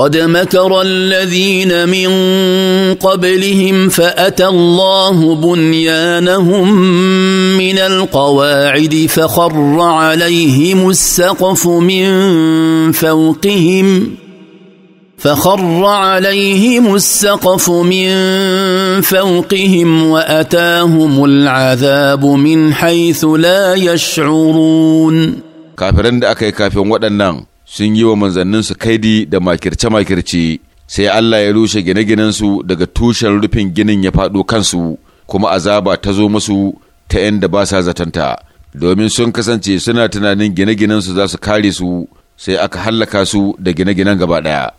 قد مكر الذين من قبلهم فاتى الله بنيانهم من القواعد فخر عليهم السقف من فوقهم فخر عليهم السقف من فوقهم واتاهم العذاب من حيث لا يشعرون كافرين da aka sun yi wa manzanninsu kaidi da makirce-makirce sai Allah ya rushe gine-ginensu daga tushen rufin ginin ya faɗo kansu kuma azaba ta zo musu ta ‘yan da ba sa zatanta domin sun kasance suna tunanin gine-ginensu za su kare su sai aka hallaka su da gine-ginen gaba ɗaya.